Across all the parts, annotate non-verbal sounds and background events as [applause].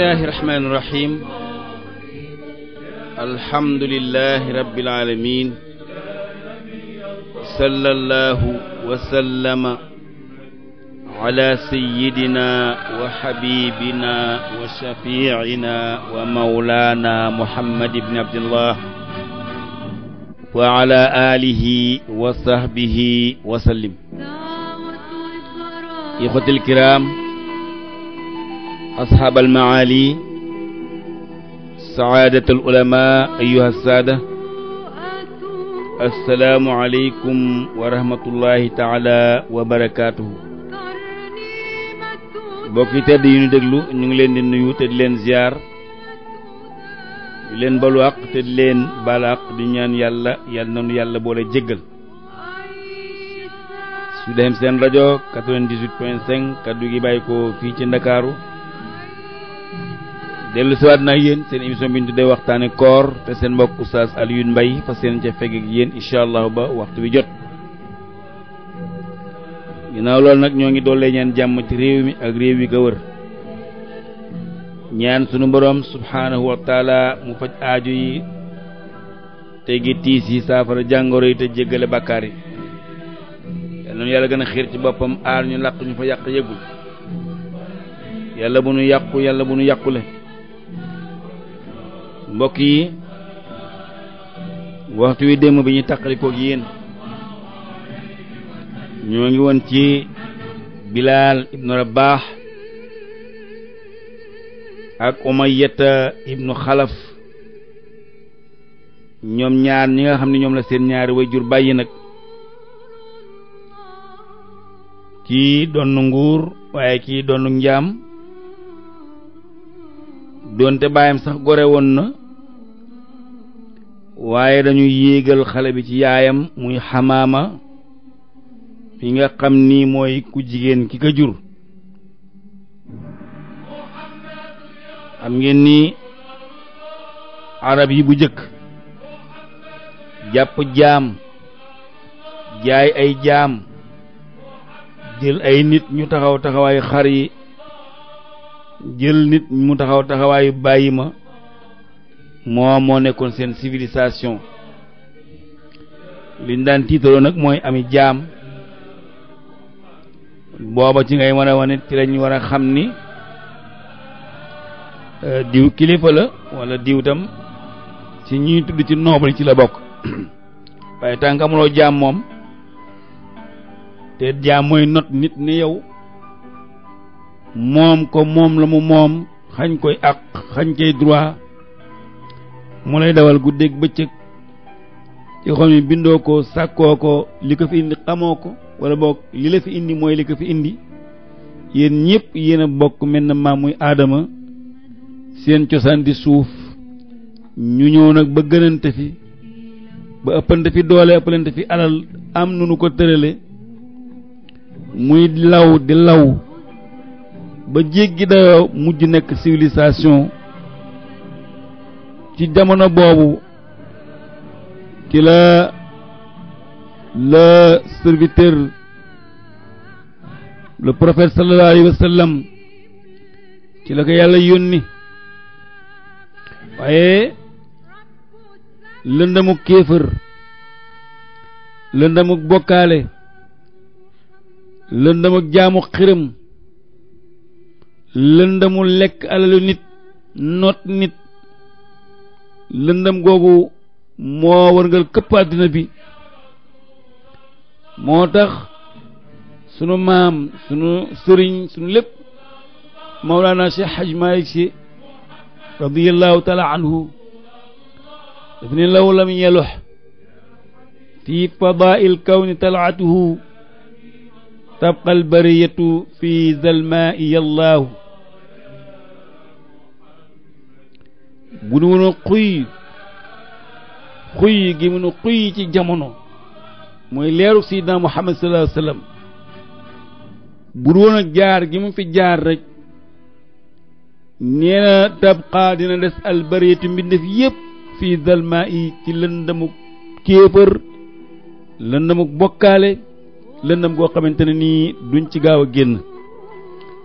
bismillahi irrahmani irrahim alhamdulilahi rabbil alamin sallallahu wa sallama ala sayyidina wa habibina wa shafiicina wa mawlaana muhammad ibn abdillah wa ala aalihi wa sahbihi wa sallim ixwatil kiraam أصحاب المعالي سعادة العلماء أيها السادة السلام عليكم ورحمة الله تعالى وبركاته mbokki tedd yi ñu déglu ñu ngi leen di nuyu te leen ziar di leen balu àq te leen baal àq di ñaan yàlla yàlla nanu yàlla boole jéggal Sud FM seen rajo 98 point 5 kaddu gi bàyyi ko fii ci dellu siwaat naa yéen seen émission bi de tuddee koor te seen mbokk oustaz Alioune mbay fas yéen ca fegg yéen incha allah ba waxtu wi jot ginnaaw loolu nag ñoo ngi dollee ñaan jàmm ci réew mi ak réew yi ko wër ñaan sunu boroom subhaanahu wa mu faj aaju yi tegi tiis yi saafara jàngoro yi te jéggale bàkkaar yi yal na yàlla gën a xiir ci boppam aar ñu làq ñu fa yàq yëgul yàlla bu nu yàqu yàlla bu nu yàqule mbokk yi waxtu wi démb bi ñu taqalikoog yéen ñoo ngi woon ci bilaal ibnu rabaax ak umayata ibnu xalaf ñoom ñaar ñi nga xam ne ñoom la seen ñaari wayjur bàyyi nag kii doon nguur waaye kii doon njaam doonte bàyyam sax gore woon na waaye dañuy yéegal xale bi ci yaayam muy xamaama mi nga xam nii mooy ku jigéen ki ko jur xam ngeen ni arab yi bu jëkk jàpp jaam jaay ay jaam jël ay nit ñu taxaw taxawaayu xar yi jël nit mu taxaw taxawaayu bàyyi ma moo moo nekkoon seen civilisation liñ daan tiitaloo nag mooy ami jaam booba ci ngay mën a wane ci lañ war a xam ni euh, diw kilifa la wala diw tam ci ñuy tudd ci noble ci la bokk [coughs] waaye tànk amuloo jaam moom te jaam mooy not nit ni yow moom ko moom la mu moom xañ koy àq xañ koy droit mu lay dawal guddeeg bëccëg yoo xam ne bindoo ko sàkkoo ko li ko fi indi xamoo ko wala boog li la fi indi mooy li ko fi indi yéen ñëpp yéen a bokk mel na maam muy aadama seen cosaan di suuf ñu ñëw nag ba gënante fi ba ëppante fi doole ëppalante fi alal am nu nu ko tërale muy law di law ba jéggi dayoo mujj nekk civilisation ci jamono boobu ci la le serviteur le prophète sallallahu alayhi ci la ko yàlla yónni waaye lëndamuk kéefër lëndamuk bokkaale lëndamuk jaamu xiram lëndamu lekk alalu nit noot nit lëndëm googu moo wërngal këpp àddina bi moo tax sunu maam sunu sëriñ sunu lépp Mawlana Cheikh Haj Malik Si radiyallahu taala anhu daf ne law lam yelux fi fadail kawni talaatuhu tabqa albariyatu fi zalmaai yallaahu bu nu woon xuy xuy gi mu nu xuy ci jamono mooy leeru Seydina Muhammad sallallahu alayhi bu nu woon jaar gi mu fi jaar rek nee na tabqa dina des albariyatu mbindeef yépp fii zalmaa yi ci lëndamuk kéefër lëndamuk bokkaale lëndam goo xamante ne nii duñ ci gaaw a génn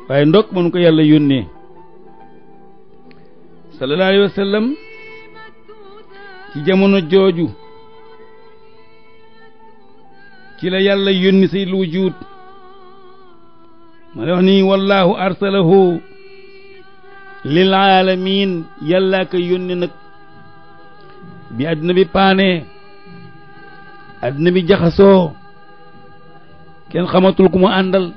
waaye ndokk mënu ko yàlla yónnee sallallahu ci jamono jooju ci la yàlla yónni sayyidul wujuud ma lay wax ni wallahu arsalahu lil aalamiin yàllaa ko yónni nag bi àdduna bi paane àdduna bi jaxasoo kenn xamatul ku mu àndal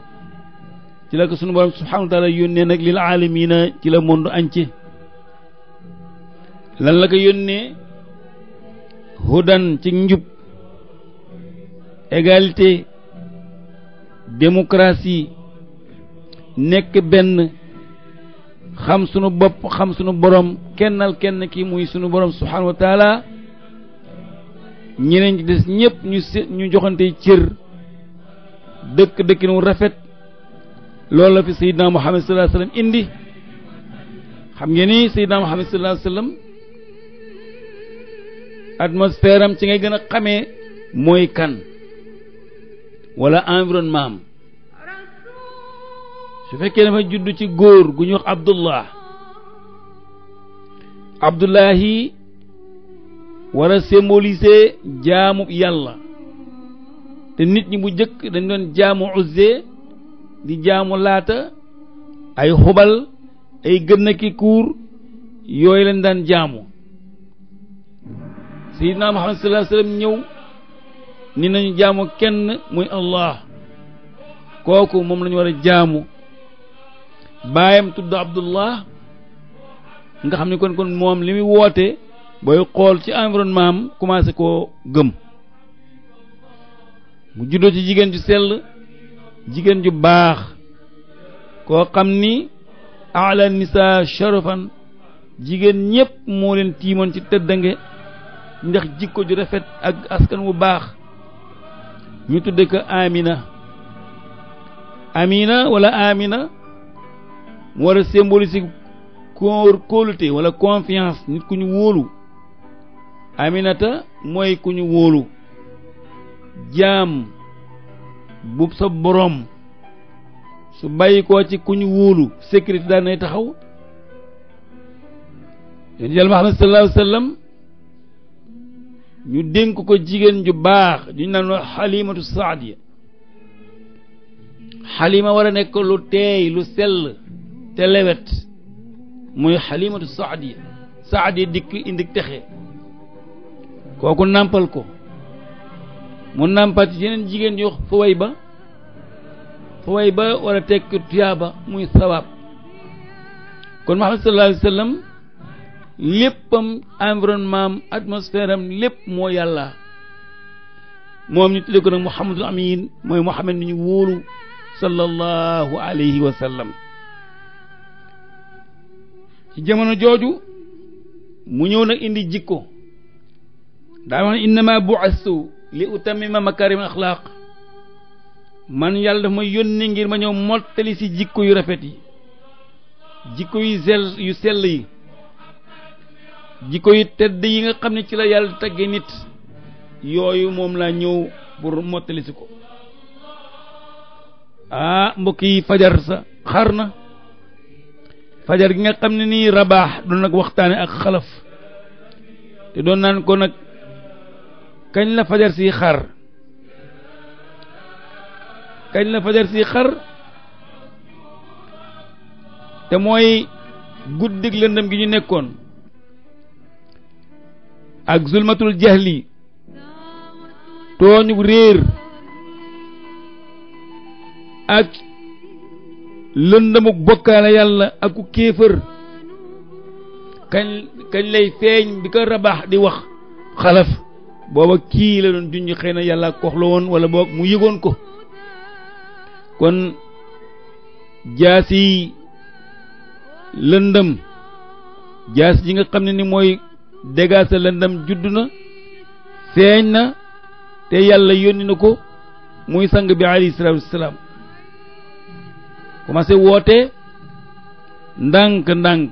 ci la ko sunu borom subhaanahu wa yónnee nag lil aalamiina ci la monde entier lan la ko yónnee hudan ci njub égalité démocratie nekk benn xam sunu bopp xam sunu borom kennal kenn ki muy sunu borom subhanahu wa ñeneen ci des ñëpp ñu se ñu joxante cër dëkk dëkkinu rafet loolu la fi sayyidina Muhammad sallallahu alayhi wa sallam indi xam ngeen ni sayyidina Muhammad sallallahu alayhi wa sallam atmosphère am ci ngay gën a xamee mooy kan wala environnement am su fekkee dafa juddu ci góor gu ñu wax abdullah abdullahi war a symboliser jaamu yàlla te nit ñi bu jëkk dañ doon jaamu uzze di jaamu laata ay xubal ay gën ki kuur yooyu lañ daan jaamu sayyidina Muhammad sallallahu alayhi wasallam ñëw ni nañu jaamu kenn muy Allah kooku moom la ñu war a jaamu baayam tudd Abdullah nga xam ne kon kon moom li muy woote booy xool ci environnement am commencé koo gëm mu juddoo ci jigéen ju sell jigéen ju baax koo xam ni ala nisa sharafan jigéen ñépp moo leen tiimoon ci tëddange ndax jikko ju rafet ak askan wu baax ñu tudde ko Amina Amina wala Amina war a symboliser kóor kóolute wala confiance nit ku ñu wóolu Aminata mooy ku ñu wóolu jaam bu sa boroom su bàyyi koo ci ku ñu wóolu sécurité daan nay taxaw yéen yàlla wax ñu dénk ko jigéen ju baax ñu naan xalimatu saadiya xalima war a nekk lu teey lu sell te lewet mooy xalimatu saadiya saadiya dikk indi texe kooku nàmpal ko mu nàmpal ci yeneen jigéen yu fa ba fa ba war a tekk tuyaaba muy sawaab kon Muhammad sallallahu alayhi wa sallam léppam environnement am atmosphère am lépp moo yàlla moom ñu tuddee ko nag Muhammadul Amin mooy Muhammad mi ñu wóolu sallallahu alayhi wa ci jamono jooju mu ñëw nag indi jikko daa wax ne innama bu'astu li utammima man yàlla dafa ma yónni ngir ma ñëw mottali si jikko yu rafet yi jikko yu sell yu sell yi jikko yi tedd yi nga xam ne ci la yàlla tagge nit yooyu moom laa ñëw pour mottali si ko ah mbokk yi fajar sa xar na fajar gi nga xam ne nii rabaax doon nag waxtaane ak xalaf te doon naan kon nag kañ la fajar si xar kañ la fajar si xar te mooy guddig lëndëm gi ñu nekkoon ak zulmatul jahli tooñu réer ak lëndamuk bokkaale yàlla ak ku kéefër kañ kañ lay feeñ bi ko rabax di wax xalaf booba kii la doon junj xëy na yàlla ko la woon boog mu yëgoon ko kon jaasi lëndëm jaas yi nga xam ne ni mooy dégaa sa lëndam judd na seeñ na te yàlla yónni na ko muy sang bi alayhi salaatu wasalaam woote ndànk-ndànk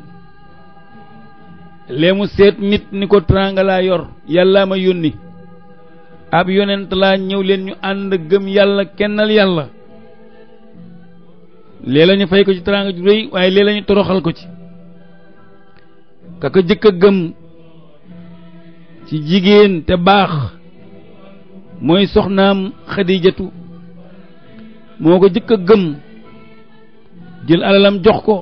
lee mu seet nit ni ko tranga laa yor yàllaa ma yónni ab yonent laa ñëw leen ñu ànd gëm yàlla kennal yàlla léeg la ñu fay ko ci tranga ju réy waaye léeg la toroxal ko ci kaka jëkk a gëm ci jigéen te baax mooy soxnaam xadijatu moo ko jëkk a gëm jël alalam jox ko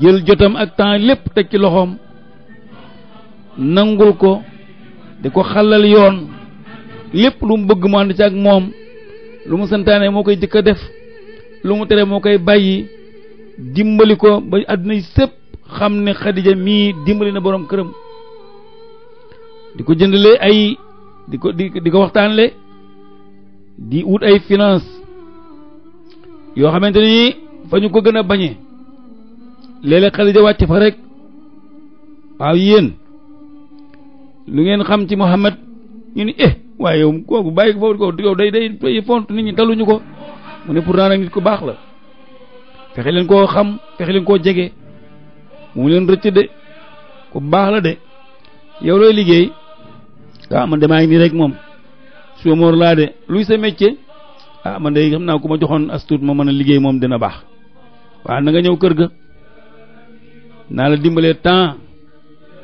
jël jotam ak temps lépp teg ci loxoom nangul ko di ko xalal yoon lépp lu mu bëgg mu ànd ci ak moom lu mu santaane moo koy jëkk def lu mu tere moo koy bàyyi dimbali ko ba àdduna sépp xam ne xadija mii dimbali na boroom këram di ko jëndle ay di ko di di ko waxtaanle di wut ay finance yoo xamante ni fa ñu ko gën a bañee léeg-léeg Xadija wàcc fa rek waaw yéen lu ngeen xam ci Muhammad ñu ni eh waaye yow kooku bàyyi ko foofu ko yow day day font nit ñi taluñu ko mu ne pourtant nag nit ku baax la fexe leen koo xam fexe leen koo jege mu leen rëcc de ku baax la de yow looy liggéey ah man de maa ngi nii rek moom chômeur laa de luy sa métier ah man de xam naa ku ma joxoon as tuut ma mën a liggéey moom dina baax waaw na ñëw kër ga naa la dimbalee temps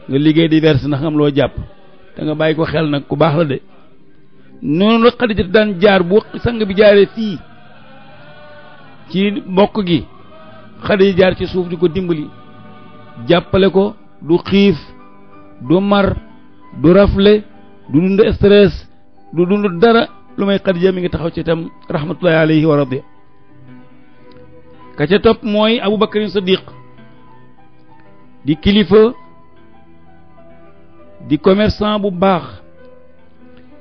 nga liggéey di verse ndax am loo jàpp da nga bàyyi ko xel nag ku baax la de noonu la Xadija daan jaar bu sang bi jaaree fii ci mbokk gi Xadija jaar ci suuf di ko dimbali jàppale ko du xiif du mar du rafle du dund stress du dund dara lu may Xadija mi ngi taxaw ci itam rahmatullahi alayhi wa radiya ka ca topp mooy Abu Bakrin Siddiq di kilifa di commerçant bu baax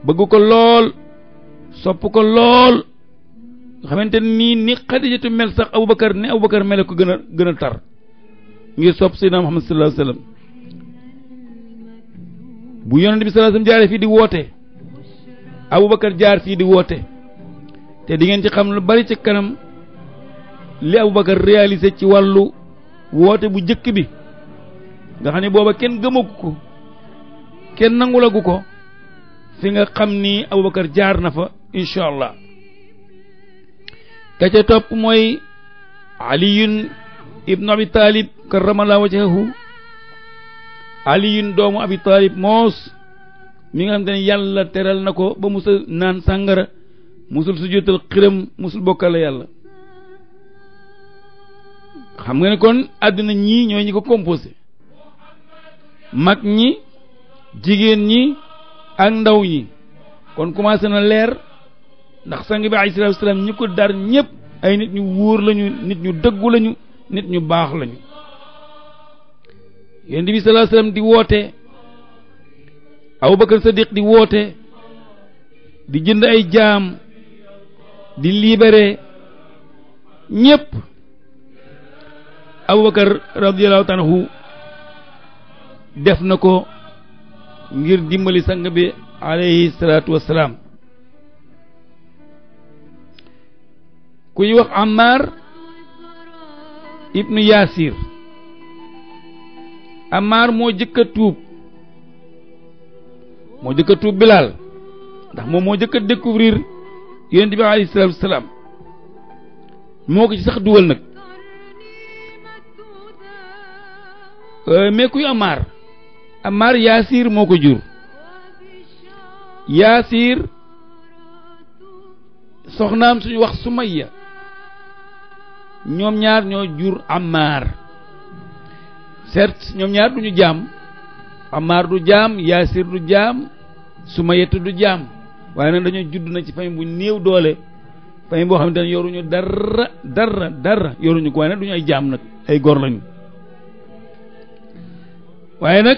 bëgg ko lool sopp ko lool nga xamante nii ni Xadijatu mel sax Abubakar ni Abubakar mele ko gën a gën a tar ngir sopp Seydina Muhammad sallallahu alayhi wa bu yonent bi sallallahu alayhi wasallam fii di woote Aboubacar jaar fii di woote te di ngeen ci xam lu bari ci kanam li Aboubacar réalisé ci wàllu woote bu jëkk bi nga xam ne booba kenn gëmagu ko kenn nangulagu ko fi nga xam ni Aboubacar jaar na fa incha allah ka ca topp mooy aliyun ibnu abi talib karramallahu wajhahu aliyun doomu abi taalib moos mi nga xam te ne yàlla teral na ko ba musul naan sàngara musul sujjóotal xiram musul bokkal la yàlla xam nga ne kon àdduna ñii ñooy ñi ko composé mag ñi jigéen ñi ak ndaw ñi kon commencé na leer ndax sang bi alayhi salaatu wa salaam ñi ko dar ñëpp ay nit ñu wóor lañu nit ñu dëggu lañu nit ñu baax lañu yonent bi sallallahu di woote Abubakar Sadiq di woote di jënd ay jaam di libéré ñépp Abubakar radiyallahu anhu def na ko ngir dimbali sang bi alayhi salaatu ku ñuy wax Ammar ibnu Yaasir Ammaar moo jëkk tuub moo jëkk a tuub Bilaal ndax moom moo jëkk a découvrir yonent bi alayhi salaatu wasalaam moo ko ci sax dugal nag euh, mais kuy Ammaar Ammaar moo ko jur Yaasir soxnaam suñu wax Sumayya ñoom ñaar ñoo jur Ammaar certes ñoom ñaar duñu jaam Ammaar du jaam Yaasir du jaam Sumayatu du jaam waaye nag dañoo judd na ci famille bu néew doole famille boo xam ne dañu yoruñu dara dara dara yoruñu ko waaye nag duñu ay jaam nag ay góor lañu waaye nag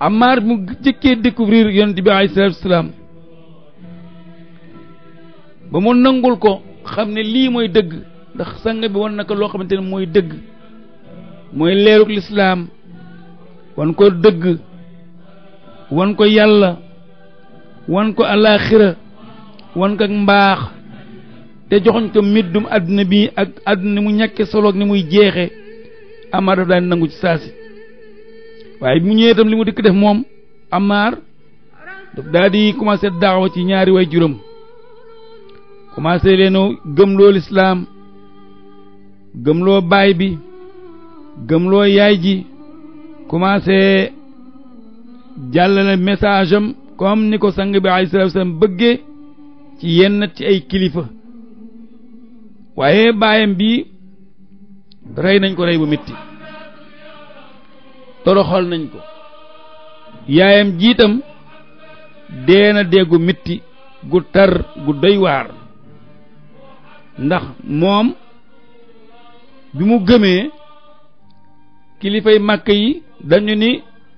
Ammaar mu jëkkee découvrir yonent bi alayhi salaatu ba mu nangul ko xam ne lii mooy dëgg ndax sang bi wan na ko loo xamante ne mooy dëgg mooy leerug lislaam wan ko dëgg wan ko yàlla wan ko alaaxira wan ko ak mbaax te joxoñ ko middum àdduna bi ak àdduna mu ñàkke soloog ni muy jeexe amaar daf daan nangu ci saasi waaye bi mu ñëwee tam li mu dikk def moom amaar daf daal di commencé daawa ci ñaari way juróom commencé leenu gëmloo lislaam gëmloo baay bi gëmloo yaay ji commencé jàllale message am comme ni ko sang bi alayhi salaatu salaam bëggee ci yenn ci ay kilifa waaye baayam bi rey nañ ko rey bu metti toroxal nañ ko yaayam jiitam dee na dee gu metti gu tar gu doy waar ndax moom bi mu gëmee kilifay màkk yi dañu ni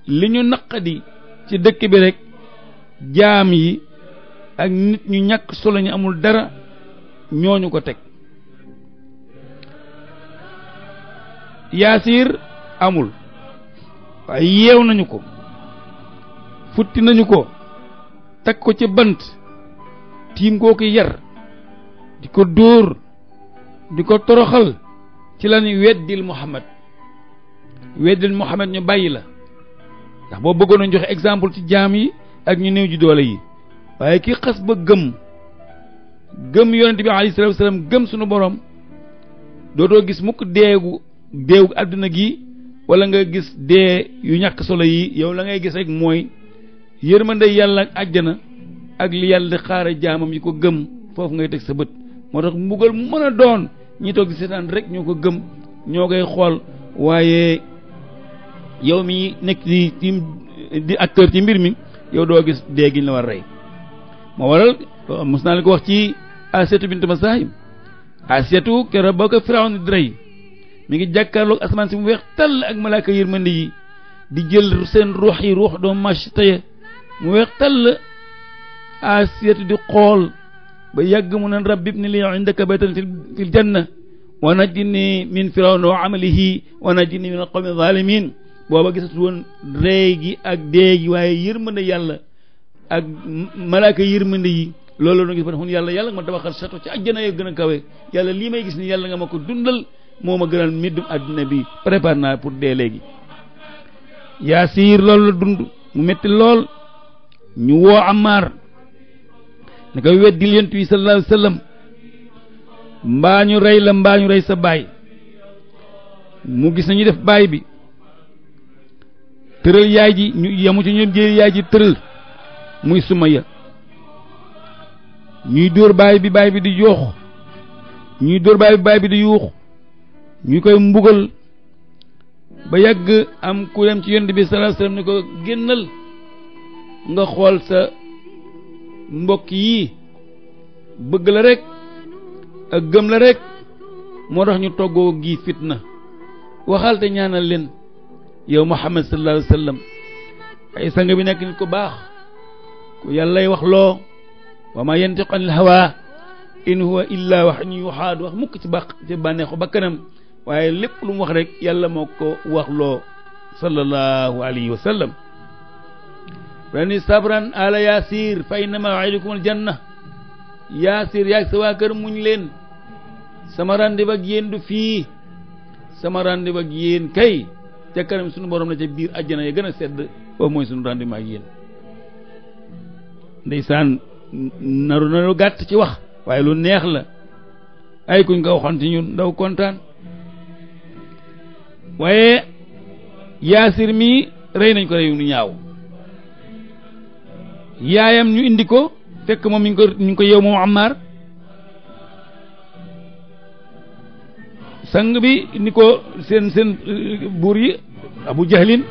li ñu naqadi ci dëkk bi rek jaam yi ak nit ñu ñàkk solo ñu amul dara ñooñu ko teg yaasiir amul waaye yeew nañu ko futti nañu ko teg ko ci bant tiim koo ko yar di ko dóor di ko toroxal ci lañuy weddil Muhammad weddil Muhammad ñu bàyyi la ndax boo bëggoon joxe exemple ci jaam yi ak ñu néew ji doole yi waaye ki xas ba gëm gëm yonent bi alayhi salaatu gëm sunu borom dootoo gis mukk deegu deegu àdduna gi wala nga gis dee yu ñàkk solo yi yow la ngay gis rek mooy yërmande yàlla ak àjjana ak li yàlla di xaare jaamam yi ko gëm foofu ngay teg sa bët moo tax mbugal mën a doon ñi di seetaan rek ñoo ko gëm ñoo koy xool waaye yow mi nekk di di acteur ci mbir mi yow doo gis dee gi ñu la war a rey moo waral mos naa leen wax ci Asiyatu bint Masaahim Asiyatu keroog boo ko di rey mi ngi jàkkaarloog asamaan si mu weex tàll ak malaaka yërmande yi di jël seen ruux yi ruux doomu màcc teye mu weex tàll Asiyatu di xool ba yàgg mu naan rabbi ibni lii indaka baytan fil janna wa najjini min Firawna wa amalihi wa najjini min alqawmi zalimin booba gisatu woon rey gi ak dee gi waaye yërmande yàlla ak malaaka yërmande yi loolu la gis ba ne yàlla yàlla nga ma tabaxal sato ci àjjana ya gën a kawe yàlla lii may gis ni yàlla nga ma ko dundal moo ma gënal middum àdduna bi prépare naa pour dee léegi yaasiir loolu la dund mu metti lool ñu woo amaar ne ko weddil yonent bi sallallahu alayhi wa sallam mbaa ñu rey la mbaa ñu rey sa baay mu gis nañu def baay bi tëral yaay ji ñu yemu ci ñoom jël yaay ji tëral muy suma ya ñuy dóor baay bi baay bi di jox ñuy dóor baay bi baay bi di yuux ñu koy mbugal ba yàgg am ku dem ci yonent bi sallallahu alayhi wasallam ni ko génnal nga xool sa mbokk yi bëgg la rek ak gëm la rek moo tax ñu toggoo gi fitna waxal te ñaanal leen yow Muhammad sallallahu alayhi wa sallam ay sang bi nekk nit ko baax ku yàllay wax loo wa ma yantiqu anil hawa in huwa illa wax ñuy waxaat wax mukk ci baax ci bànneexu bakkanam waaye lépp lu mu wax rek yàlla moo ko wax loo sallallahu alayhi wa sallam wani sabran ala yaasir fa inna maw'idukum aljanna yaasir yaag sa waa kër muñ leen sama rendez-vous ak du fii sama rendez-vous ak kay ca kanam suñu borom la ca biir àjjana ya gën a sedd boobu mooy sunu rendement ak yéen ndeysaan naru naru gàtt ci wax waaye lu neex la ay kuñ ko waxante ñun ndaw kontaan waaye yaasir mi rey nañ ko rey nu ñaaw yaayam ñu indi ko fekk moom mi ngi ko mi ngi ko yeew moom Ammaar sang bi ni ko seen seen euh, buur yi abu jahlin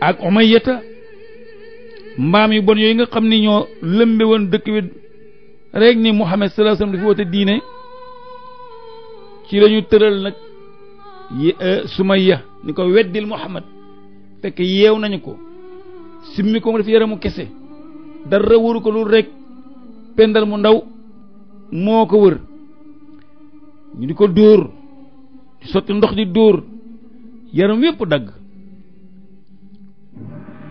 ak umayyata mbaam yu bon yooyu nga xam ni ñoo lëmbe woon dëkk bi rek ni muhammad sallallahu alayhi wasallam dafa woote diine ci lañu tëral nag euh, sumayya ni ko weddil muhammad fekk yeew nañu ko simmi ko mu def yaramu kese dara wëru ko lu rek pendal mu ndaw moo ko wër ñu di ko dóor di sotti ndox di dóor yaram yépp dagg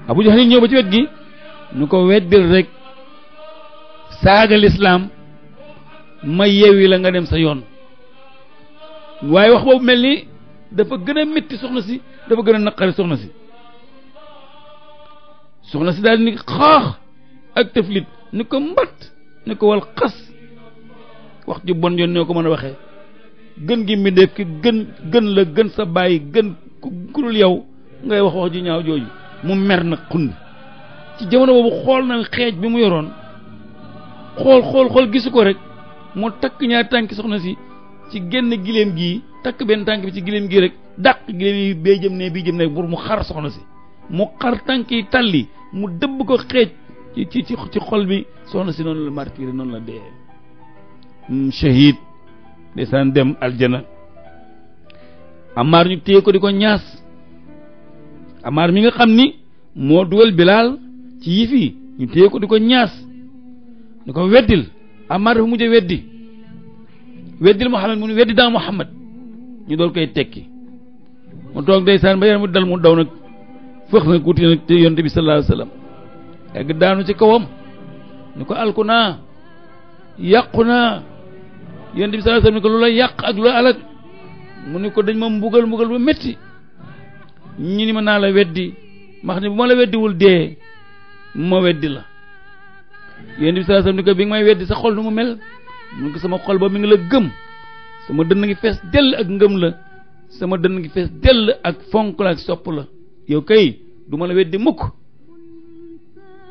Abu Jahl ñëw ba ci wet gi ñu ko weddil rek saaga lislaam ma yeewi la nga dem sa yoon waaye wax boobu mel ni dafa gën a métti soxna si dafa gën a naqari soxna si soxna si daal ni xaax ak tëflit ni ko mbatt ni ko wal xas wax ju bon yoon ñoo ko mën a waxe gën gi mi nekk gën gën la gën sa bàyyi gën ku dul yow ngay wax wax ju ñaaw jooju mu mer na xund ci jamono boobu xool na xeej bi mu yoroon xool xool xool gisu ko rek mu takk ñaar tànki soxna si ci genn gileem gii takk benn tànk bi ci gileem gii rek dàq gileem yi bee jëm ne bii jëm ne bur mu xar soxna si mu xar tànk yi talli mu dëbb ko xeej ci ci ci xol bi soxna si noonu la a noonu la dee shahid ndeysaan dem aljana amaar ñu téye ko di ko ñaas amaar mi nga xam ni moo dugal bilaal ci yii fii ñu téye ko di ko ñaas ni ko weddil amaar dafa mujj weddi weddil Muhammad mu weddi daa Muhammad ñu doon koy tekki mu toog ndeysaan ba yaram mu dal mu daw nag fëx na kuuti nag te yonte bi sallallahu alayhi wa daanu ci kawam ni ko alku naa yonent bi sallallahu alayhi wasallam ni ko lu la yàq ak lu la alal mu ni ko dañ ma mbugal mbugal ba métti ñu ni ma naa la weddi ma xam ne bu ma la weddiwul dee ma weddi la yonent bi sallallahu ni ko bi nga may weddi sa xol nu mu mel mu ni sama xol ba mi ngi la gëm sama dënn ngi fees dell ak ngëm la sama dënn ngi fees dell ak fonk la ak sopp la yow kay duma la weddi mukk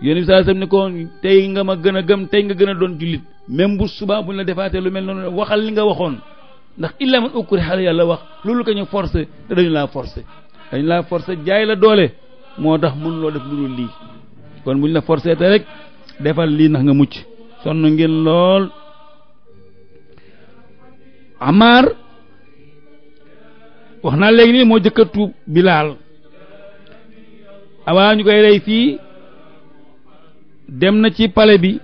yonent bi sallallahu alayhi wasallam ni ko tey nga ma gën a gëm tey nga gën a doon jullit même bu subaa buñ la defaatee lu mel noonu waxal li nga waxoon ndax illa man ukri xale yàlla wax loolu ko ñu forcé te dañu laa forcé dañu la forcé jaay la doole moo tax mën loo def lu dul lii kon buñ la forcé te rek defal lii ndax nga mucc sonn ngeen lool Amar wax naa léegi nii moo jëkk a tuub Bilaal avant ñu koy rey fii dem na ci pale bi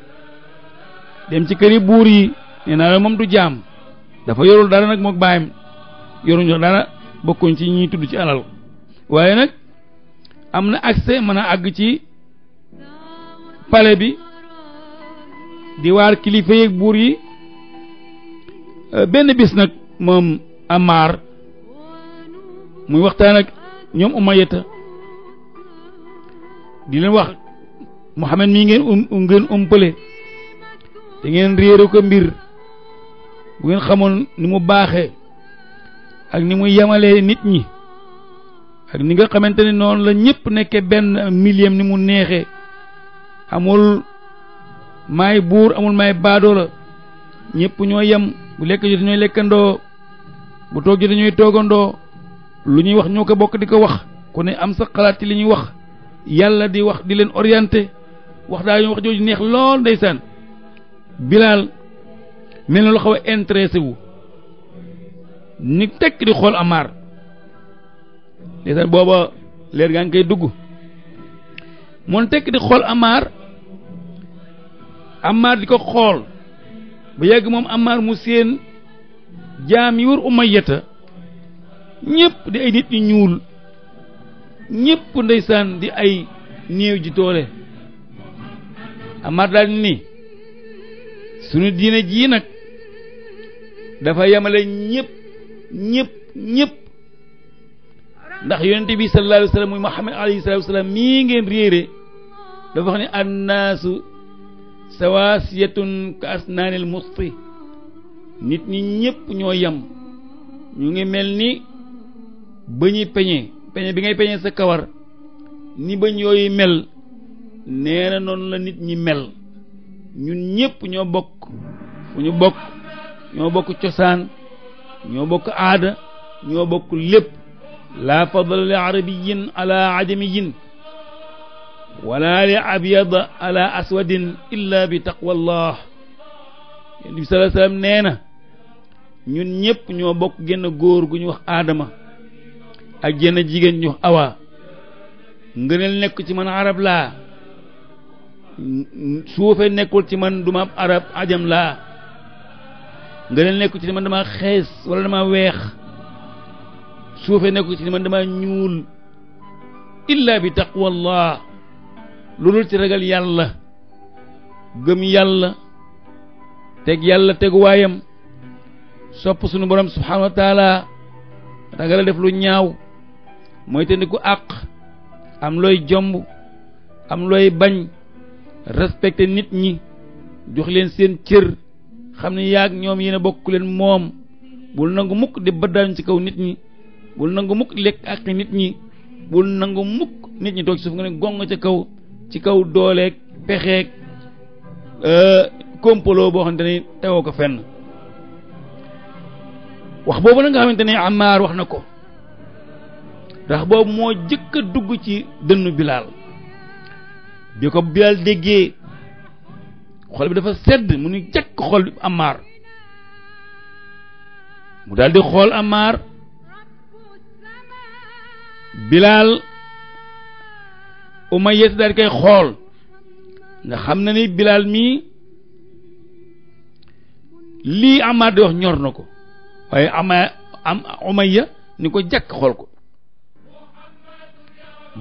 dem ci kër yi buur yi nee naa la moom du jaam dafa yorul dara nag moog baayam yoruñu dara bokkuñ ci ñi tudd ci alal waaye nag am na accès mën a àgg ci pale bi di waar kilifa yeeg buur yi euh, benn bis nag moom Amar muy waxtaan ak ñoom Umayyata di leen wax Muhammad mii ngeen um ngeen umpale da ngeen réeru ko mbir bu ngeen xamoon ni mu baaxee ak ni muy yemalee nit ñi ak ni nga xamante ne noonu la ñëpp nekkee benn millième ni mu neexee amul maay buur amul maay baadoo la ñëpp ñoo yam bu lekk jot ñooy lekkandoo bu toog jot ñooy toogandoo lu ñuy wax ñoo ko bokk di ko wax ku ne am sa xalaat ci li ñuy wax yàlla di wax di leen orienté wax daa ñu wax jooju neex lool ndeysaan bilaal mel na lu xaw a intéressé wu ni tekk di xool amaar ndeysaan booba leer gaa ngi dugg moom tekk di xool amaar amaar di ko xool bu yàgg moom amaar mu seen jaam yi wër umayyata ñëpp di ay nit ñuul ñëpp ndeysaan di ay néew ji toole amaar daal ni suñu diine jii nag dafa yemale ñëpp ñëpp ñépp ndax yonente bi sallallahu alayhi wa sallam muy Muhammad alayhi salatu wasalam mii ngeen réere dafa wax ne annaasu sawaasiyatun ka asnaanil musti nit ñi ñépp ñoo yem ñu ngi mel ni ba ñuy peñe peñe bi ngay peñe sa kawar ni bañ yooyu mel nee na noonu la nit ñi mel ñun ñëpp ñoo bokk bu ñu bokk ñoo bokk cosaan ñoo bokk aada ñoo bokk lépp laa fadla li arabiyin ala ajamiyin wala li abyad ala aswadin illa bi taqwa allah nee na ñun ñëpp ñoo bokk genn góor gu ñu wax aadama ak genn jigéen ñu awa ngëneel nekk ci man arab laa suufe nekkul ci man duma arab ajam laa nga leen nekku ci ne man dama xees wala dama weex suufee nekku ci ne man dama ñuul illa bi lu loolul ci ragal yàlla gëm yàlla teg yàlla teguwaayam waayam sopp sunu borom subhanahu wa taala ragal a def lu ñaaw mooy te ni ku àq am looy jomb am looy bañ respecté nit ñi jox leen seen cër xam ne yaag ñoom yéen a bokk leen moom bul nangu mukk di bëddaañu ci kaw nit ñi bul nangu mukk lekk ak nit ñi bul nangu mukk nit ñi toog ci suuf nga ne gong ca kaw ci kaw dooleeg pexeeg kompaloo euh, boo xamante ne tewoo ko fenn wax boobu nag nga xamante ne Ammaar wax na ko ndax boobu moo jëkk a dugg ci dënnu Bilaal bi ko Bilaal déggee xol bi dafa sedd mu ni jàkk xol amaar mu daal di xool amaar bilaal umayya si daal di koy xool nga xam na ni bilaal mii lii amaar di wax ñor na ko waaye ama am umayya ni ko jàkk xool ko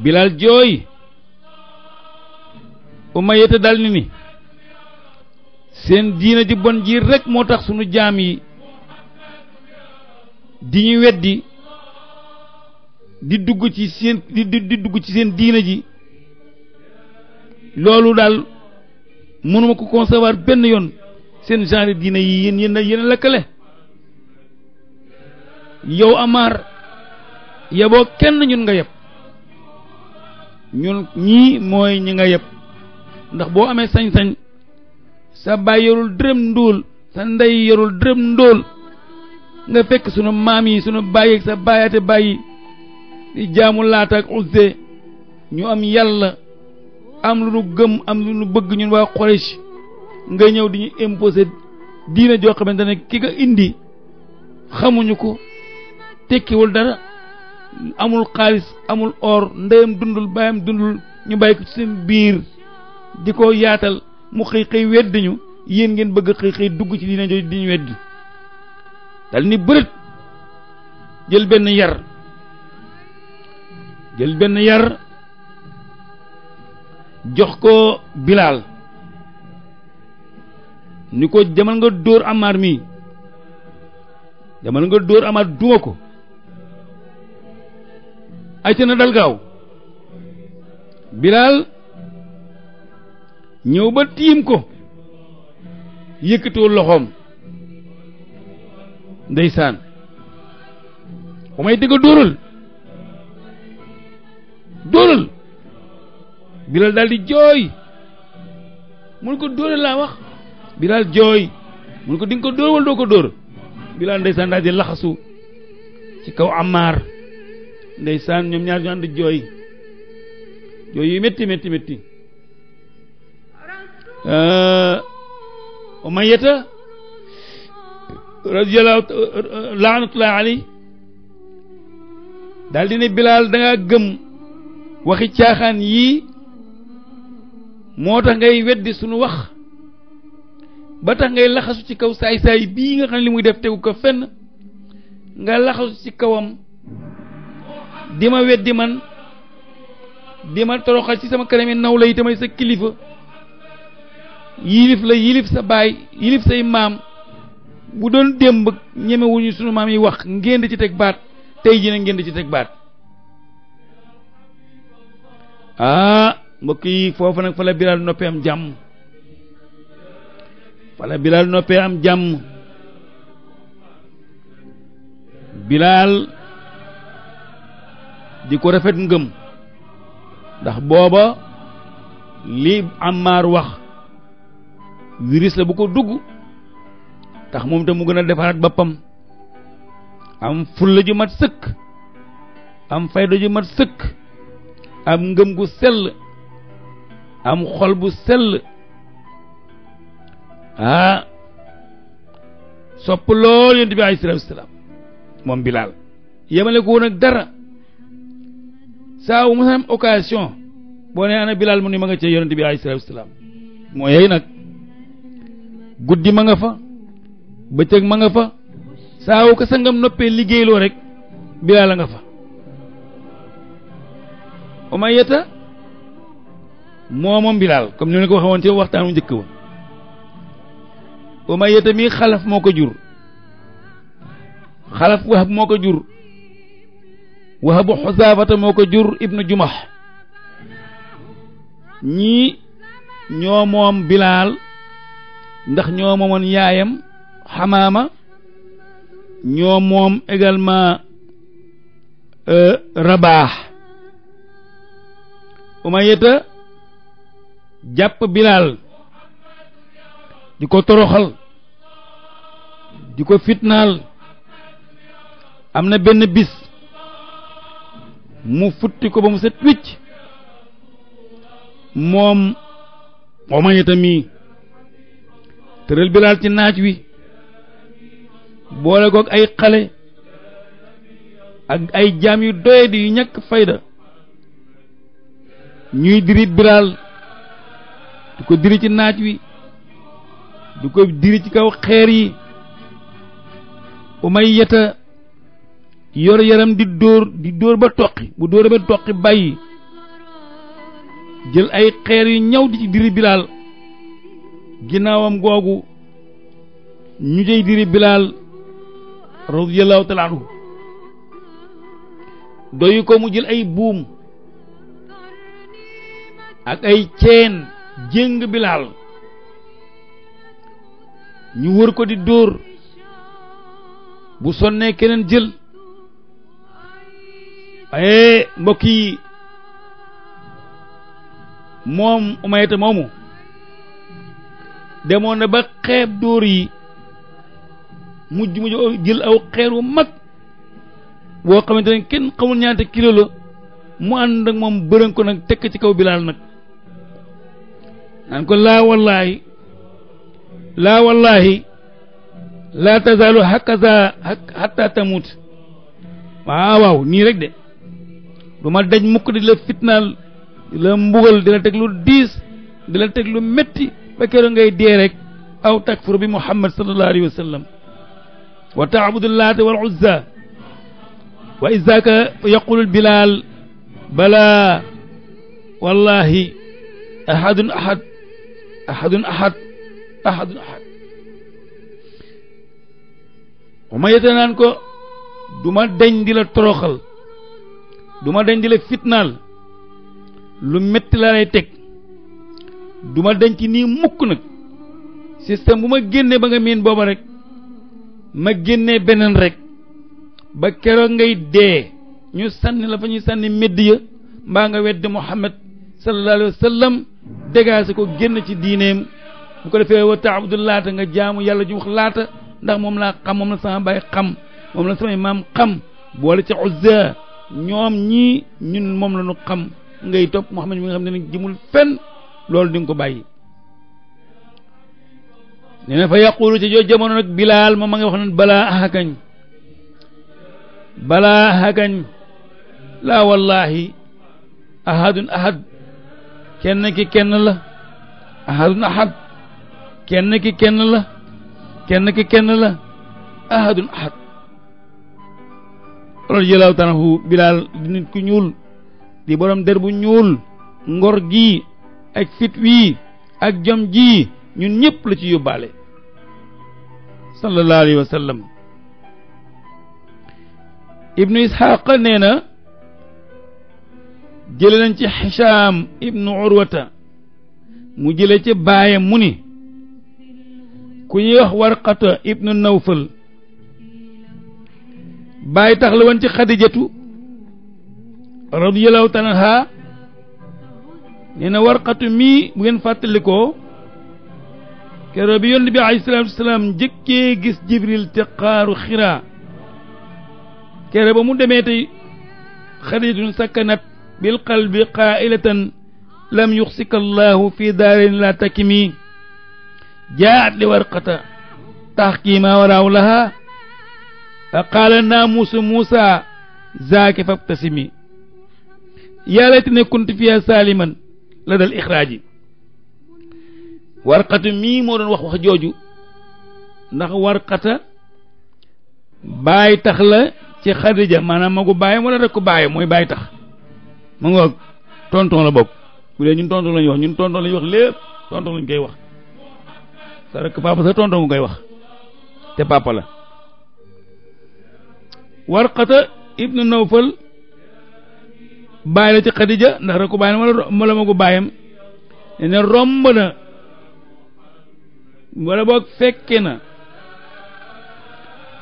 bilaal jooy umayya te dal ni ni seen diina ji bon ji rek moo tax sunu jaam yi di ñuy weddi di dugg ci seen di di dugg ci seen diina ji loolu daal mënuma ko concevoir benn yoon seen genre diina yi yéen yéen yéen lëkkale yow Amar yeboo kenn ñun nga yeb ñun ñii mooy ñi nga yeb ndax boo amee sañ-sañ sa baay yorul dërëm ndóol sa ndey yorul dërëm ndóol nga fekk sunu maam yi sunu baay sa baayaate bàyyi di jaamu laata ak uzze ñu am yàlla am lu nu gëm am lu nu bëgg ñun waa Quraysh nga ñëw di ñu imposé diina joo xamante ne ki nga indi xamuñu ko tekkiwul dara amul xaalis amul or ndeyam dundul baayam dundul ñu bàyyi ko ci biir di ko yaatal mu xëy xëy weddi ñu yéen ngeen bëgg xëy xëy dugg ci diine jooju di ñu weddi dal ni bërët jël benn yar jël benn yar jox ko bilaal ni ko demal nga dóor amaar mii demal nga dóor amaar duma ko ay te na dal bilaal ñëw ba tiim ko yëkkatiwul loxoom ndeysaan ba may dëgg dóoral dóoral Bilaal daldi jooy mun ko dóoral laa wax Bilaal jooy mun ko di ko dóor wala doo ko dóor Bilaal ndeysaan daal di laxasu ci kaw Ammaar ndeysaan ñoom ñaar ñu ànd jooy jooy yu métti métti métti Umayyata radiyallahu laanatullahi alayhi daal di ne Bilaal da gëm waxi caaxaan yii moo tax ngay weddi sunu wax ba tax ngay laxasu ci kaw saay-saay bii nga xam ne li muy def tegu ko fenn nga laxasu ci kawam di ma weddi man di ma toroxal ci sama kanami naw la itamay sa kilifa yilif la yilif sa baay yilif say maam bu doon démb ñemewuñu sunu maam yi wax ngeen di ci teg baat tey jii nag ngeen di ci teg baat ah mbokk yi foofu nag fa Bilaal noppee am jàmm fa Bilaal noppee am jàmm Bilaal di ko rafet ngëm ndax booba li Ammaar wax virus la bu ko dugg tax moom itam mu gën a defaraat boppam am fulla ji mat sëkk am fayda ju mat sëkk am ngëm gu sell am xol bu sell ah sopp lool yonent bi alayhi salaatu wasalaam moom Bilaal yemale ko woon ak dara saa wu ma am occasion boo nee ana Bilaal mu ne ma nga cee yonent bi alayhi salaatu wasalaam moo yey nag guddi ma nga fa bëccëg ma nga fa saawu ko sangam noppee liggéeyloo rek bilaal a nga fa umayata moom bilaal comme ni ma ko waxee woon ci waxtaan wu njëkk wa umayata mii xalaf moo ko jur xalaf wahab moo ko jur wahabu xusaafata moo ko jur ibnu jumax ñii ñoo moom bilaal ndax ñoo moomoon yaayam xamaama ñoo moom également euh, rabaax umayata jàpp bilaal di ko toroxal di ko fitnaal am na benn bis mu futti ko ba mu set wicc moom umayata mii tëral bilaal ci naaj wi boole koog ay xale ak ay jaam yu doyadi yu ñakk fayda ñuy dirit bilaal du ko diri ci naaj wi du ko diri ci kaw xeer yi umayyata yor yaram di dóor di dóor ba toqi bu dóor ba toqi bàyyi jël ay xeer yu ñaw di ci diri bilaal ginnaawam googu ñu jëy diri bilaal radiyallahu taala ko mu jël ay buum ak ay ceen jéng bilaal ñu wër ko di dóor bu sonnee keneen jël aye mbokk yi moom umayata moomu demoon na ba xeeb dóor yi mujj mujj jël aw xeer wu mag boo xamante ne kenn xamul ñaata kilo la mu ànd ak moom bërën ko nag tekk ci kaw bilaal nag naan ko laa wallaahi laa wallaahi laa tazaalu hakaza hatta tamut waaw waaw nii rek de du ma daj mukk di la fitnaal di la mbugal di la teg lu diis di la teg lu metti ba keroog ngay dee rek aw takfur bi muhammad sallallahu alayhi wa sallam wa taabudu laata wal uzza wa izaka yaqulu bilaal bala wallahi ahadun ahad ahadun ahad ahadun ahad ma yete naan ko du ma deñ di la toroxal du ma deñ di la fitnaal lu metti la lay teg du ma denc nii mukk nag système bu ma génnee ba nga miin booba rek ma génnee beneen rek ba keroog ngay dee ñu sànni la fa ñuy sànni médd ya mbaa nga wedd Muhammad sallallahu alayhi wa sallam dégaase ko génn ci diineem bu ko defee wa taabudu laata nga jaamu yàlla ju wax laata ndax moom laa xam moom la sama baay xam moom la samay maam xam boole ci uzza ñoom ñii ñun moom la ñu xam ngay topp Muhammad mi nga xam ne nag jëmul fenn loolu di ko bàyyi nee na fa yaqulu ci jooju jamono nag bilaal moom ma ngi wax naan balaa ahakañ balaa ahakañ laa wallaahi ahadun ahad kenn ki kenn la ahadun ahad kenn ki kenn la kenn ki kenn la ahadun ahad radiyallaahu taala bilaal di ku ñuul di borom der bu ñuul ngor gi ak fit wii ak jom jii ñun ñëpp la ci yóbbaale sallallahu alayhi ibnu isxaaq nee na jële nañ ci xisaam ibnu urwata mu jële ci baayam mu ni ku ñuy wax warqata ibnu nawfal bàyyi tax la woon ci xadijatu radiyallahu taala nee na warqatu mii bu ngeen fàttalikoo keroog bi yonent bi alayhi salaatu wasalaam gis jibril te xaaru xiraa ba mu demee tey xadijatun sakkanat bil qalbi qaailatan lam yuxsika allahu fi daarin laa takimi jaat li warqata taxkiima waraaw laha qaala naamuusu muusa zaake fabtasimi yaa layta ne fiya saaliman la dal ixraaj yi warkati mii moo doon wax wax jooju ndax warqata baay tax la ci xadija maanaam magu baayam wala rekk bàyyi mooy baay tax ma nga tonton la bokk bu dee ñun tonton lañuy wax ñun tonton lañu wax lépp tonton lañ koy wax sa rekk papa sa tonton koy wax te papa la warqata ibnu nawfal bàyyi la ci Xadija ndax rek ko bàyyi na ma la ma ko romb na wala boog fekke na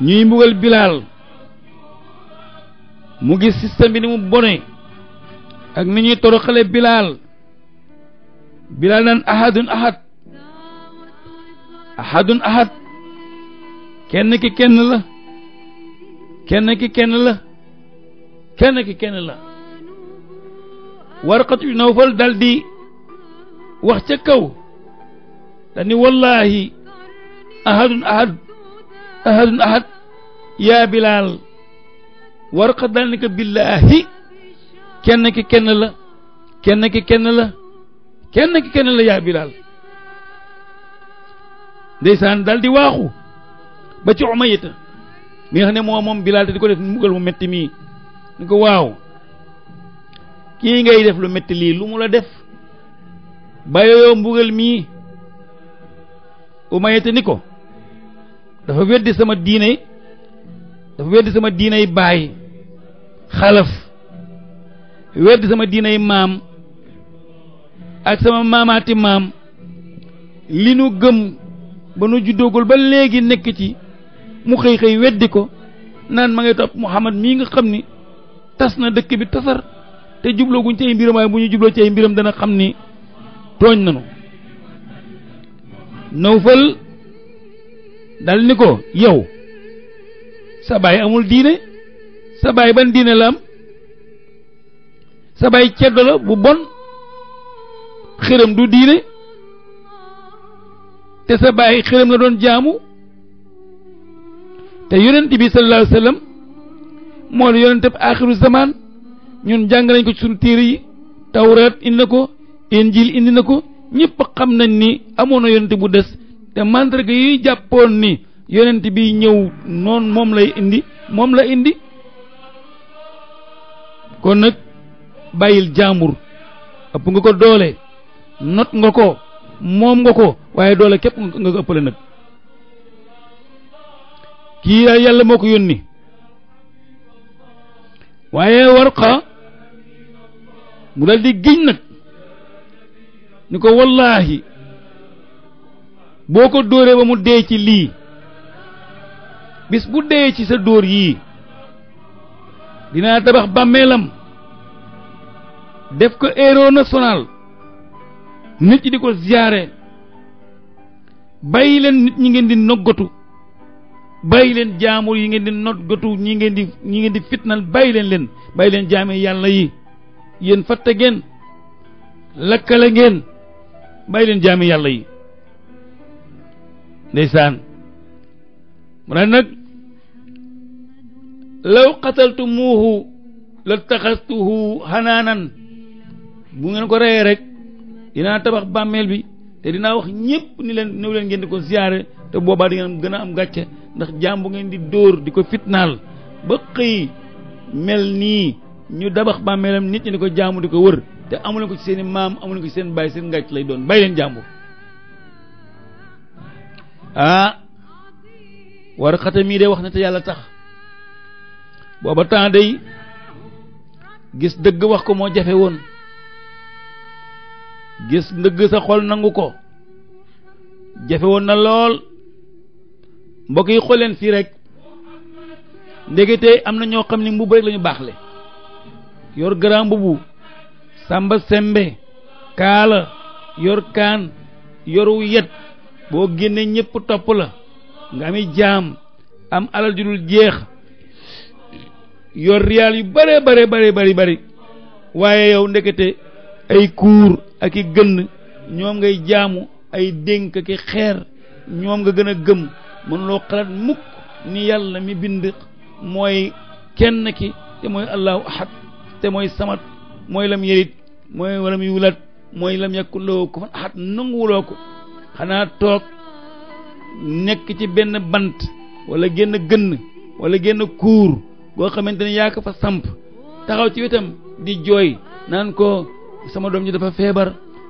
ñuy mbugal bilaal mu gis système bi ni mu bone ak ni ñuy toroxale bilaal bilaal naan ahadun ahad ahadun ahad kenn ki kenn la kenn ki kenn la kenn ki kenn la warqatu nawfal dal di wax ca kaw wallahi ahadun ahad ahadun yaa bilaal warqat dal ni ko billaahi kenn ki kenn la kenn ki kenn la kenn ki kenn la yaa bilaal ndeysaan dal di waaxu ba ci umayita mi nga xam ne moo moom bilaal te di ko def mbugal mu metti mii ni ko waaw kii ngay def lu metti lii lu mu la def ba yooyoo mbugal mii umayata ni ko dafa weddi sama diinay dafa weddi sama diinay baay xalaf weddi sama diinay maam ak sama maamaati maam li nu gëm ba nu juddoogul ba léegi nekk ci mu xëy xëy weddi ko naan ma ngay topp Muhammad mii nga xam ni tas na dëkk bi tasar te jubloo guñ ci ay mbiram bu ñu jubloo ci ay mbiram dana xam ni tooñ nanu nawfal dal ni ko yow sa baay amul diine sa baay ban diine la am sa baay ceddo la bu bon xërëm du diine te sa baay xërëm la doon jaamu te yonent bi sallallahu alayhi wa sallam moo la yonent ab aaxiru zamaan ñun jàng nañ ko ci suñu téere yi tawraat indi na ko injil indi na ko ñëpp xam nañ ni amoon na yonent bu des te mandarga yi jàppoon ni yonent bi ñëw noonu moom lay indi moom la indi kon nag bàyyil jaambur ëpp nga ko doole not nga ko moom nga ko waaye doole képp nga ko ëppale nag kii yàlla moo ko yónni waaye warqa mu dal di giñ nag ni ko wallaahi boo ko dóoree ba mu dee ci lii bis bu dee ci sa dóor yii dinaa tabax bàmmeelam def ko héros national nit ñi di ko ziyaare bàyyi leen nit ñi ngeen di noggatu bàyyi leen jaamur yi ngeen di noggatu ñi ngeen di ñi ngeen di fitnal bàyyi leen leen bàyyi leen jaame yàlla yi yéen fatte ngeen lakkale ngeen bàyyi leen jaami yàlla yi ndeysaan mu ne nag law qataltumuuhu la taxastuhu xanaanan bu ngeen ko reyee rek dinaa tabax bàmmeel bi te dinaa wax ñëpp ni leen ñëw leen ngeen di ko ziyaare te boobaa di ngeen gën a am gàcce ndax jaam bu ngeen di dóor di ko fitnaal ba xëy mel nii ñu dabax bàmmeeram nit ñi di ko jaamu di ko wër te amuleen ko ci seeni i maam amuleen ko ci seen bàyyi seen ngàcc lay doon bàyyi leen jàmbur ah war xata mii de wax na te yàlla tax booba temps day gis dëgg wax ko moo jafe woon gis dëgg sa xol nangu ko jafe woon na lool mbokk yi xool leen fii rek ndekete am na ñoo xam ni mbubb rek lañu baax le yor grand mbubu samba sembe kaala yor kaan yoru yet boo génnee ñépp topp la nga ami jaam am alal ju dul jeex yor riyaal yu bare bare bare bari waaye yow ndekete ay kuur ak i gënn ñoom ngay jaamu ay dénk ak i xeer ñoom nga gën a gëm mënuloo xalaat mukk ni yàlla mi bind mooy kenn ki te mooy allahu ahad te mooy samat mooy lam yelit mooy walam yulat mooy lam yàkkuloo ko fan nanguwuloo ko xanaa toog nekk ci benn bant walla génn gënn wala génn kuur goo xamante ne yaa ko fa samp taxaw ci wetam di jooy naan ko sama doom ji dafa feebar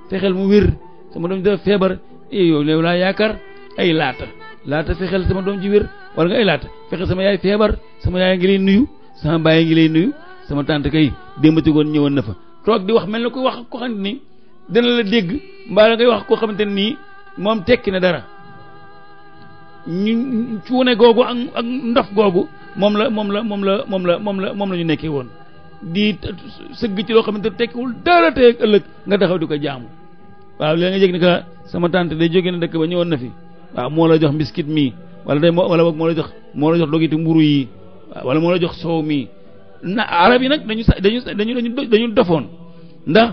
fexeel mu wér sama doom ji dafa feebar eh yow laa yaakaar ay laata laata fexeel sama doom ji wér wala nga ay laata fexeel sama yaay feebar sama yaay ngi lay nuyu sama baay ngi lay nuyu sama tante kay démbati woon ñëwoon na fa toog di wax mel na koy wax ko xam ni dana la dégg mbaa la ngay wax koo xamante nii moom tekki na dara ñu cuune googu ak ak ndof googu moom la moom la moom la moom la moom la moom la ñu nekkee woon di sëgg ci loo xamante tekkiwul dara tey ëllëg taxaw di ko jaamu waaw léegi nga jég ni day jóge na dëkk ba ñëwoon na fi moo la jox biscuit mii wala day wala boog moo la jox moo la jox dogiti mburu yi wala moo la jox soow mii ndax arab yi nag dañu sa dañu dañu dañu dofoon ndax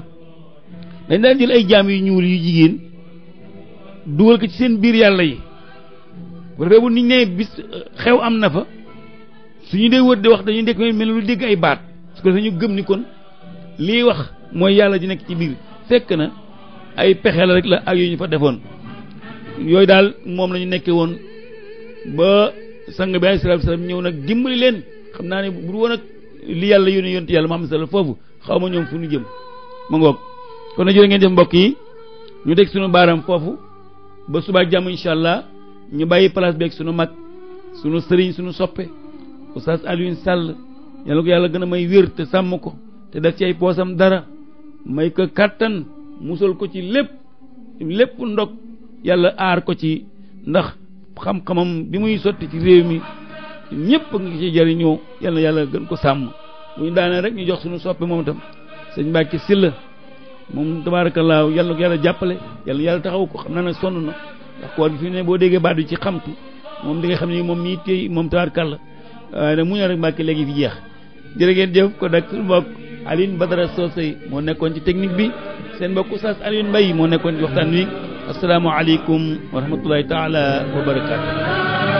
dañ daan jël ay jaam yu ñuul yu jigéen dugal ko ci seen biir yàlla yi bu defee bu nit nee bis euh, xew am na fa suñu dee wër di wax dañuy nekk mel lu dégg ay baat parce que dañu gëm ni kon lii wax mooy yàlla ji nekk ci biir fekk na ay pexe la rek la ak yu ñu fa defoon yooyu daal moom la nekkee woon ba sang bi alayhi salaam ñëw nag dimbali leen xam naa ne bu woon ak li yàlla yoonu yonti yàlla Muhammad sallallahu alayhi wasallam foofu xaw ma ñoom fu ñu jëm ma ngoog kon na jërë ngeen jëf mbokk yi ñu dégg suñu baaraam foofu ba subaa jàmm incha allah ñu bàyyi place beeg suñu mag suñu sëriñ suñu soppe oustaz Alioune Sall yàlla ko yàlla gën a may wér te sàmm ko te daf ci ay poosam dara may ko kàttan musal ko ci lépp lépp ndog yàlla aar ko ci ndax xam-xamam bi muy sotti ci réew mi ñëpp ngi ci jëriñoo yal na yàlla gën ko sàmm bu ñu daanee rek ñu jox suñu soppe moom itam sëñ Mbàkke Sylla moom tabaarakallaahu yàlla ko yàlla jàppale yàlla yàlla taxaw ko xam naa ne sonn na ndax koor bi fi ne boo déggee baat bi ci xamtu moom di nga xam ne moom mii tey moom tabaarakallaa waaye nag mu ñëw rek Mbàkke léegi fi jeex jërë ngeen jëf ko dak suñu mbokk Alioune Badara Socé moo nekkoon ci technique bi seen mbokk Oustaz Alioune Mbaye moo nekkoon ci waxtaan wi asalaamaaleykum wa rahmatullahi taala wa barakaatu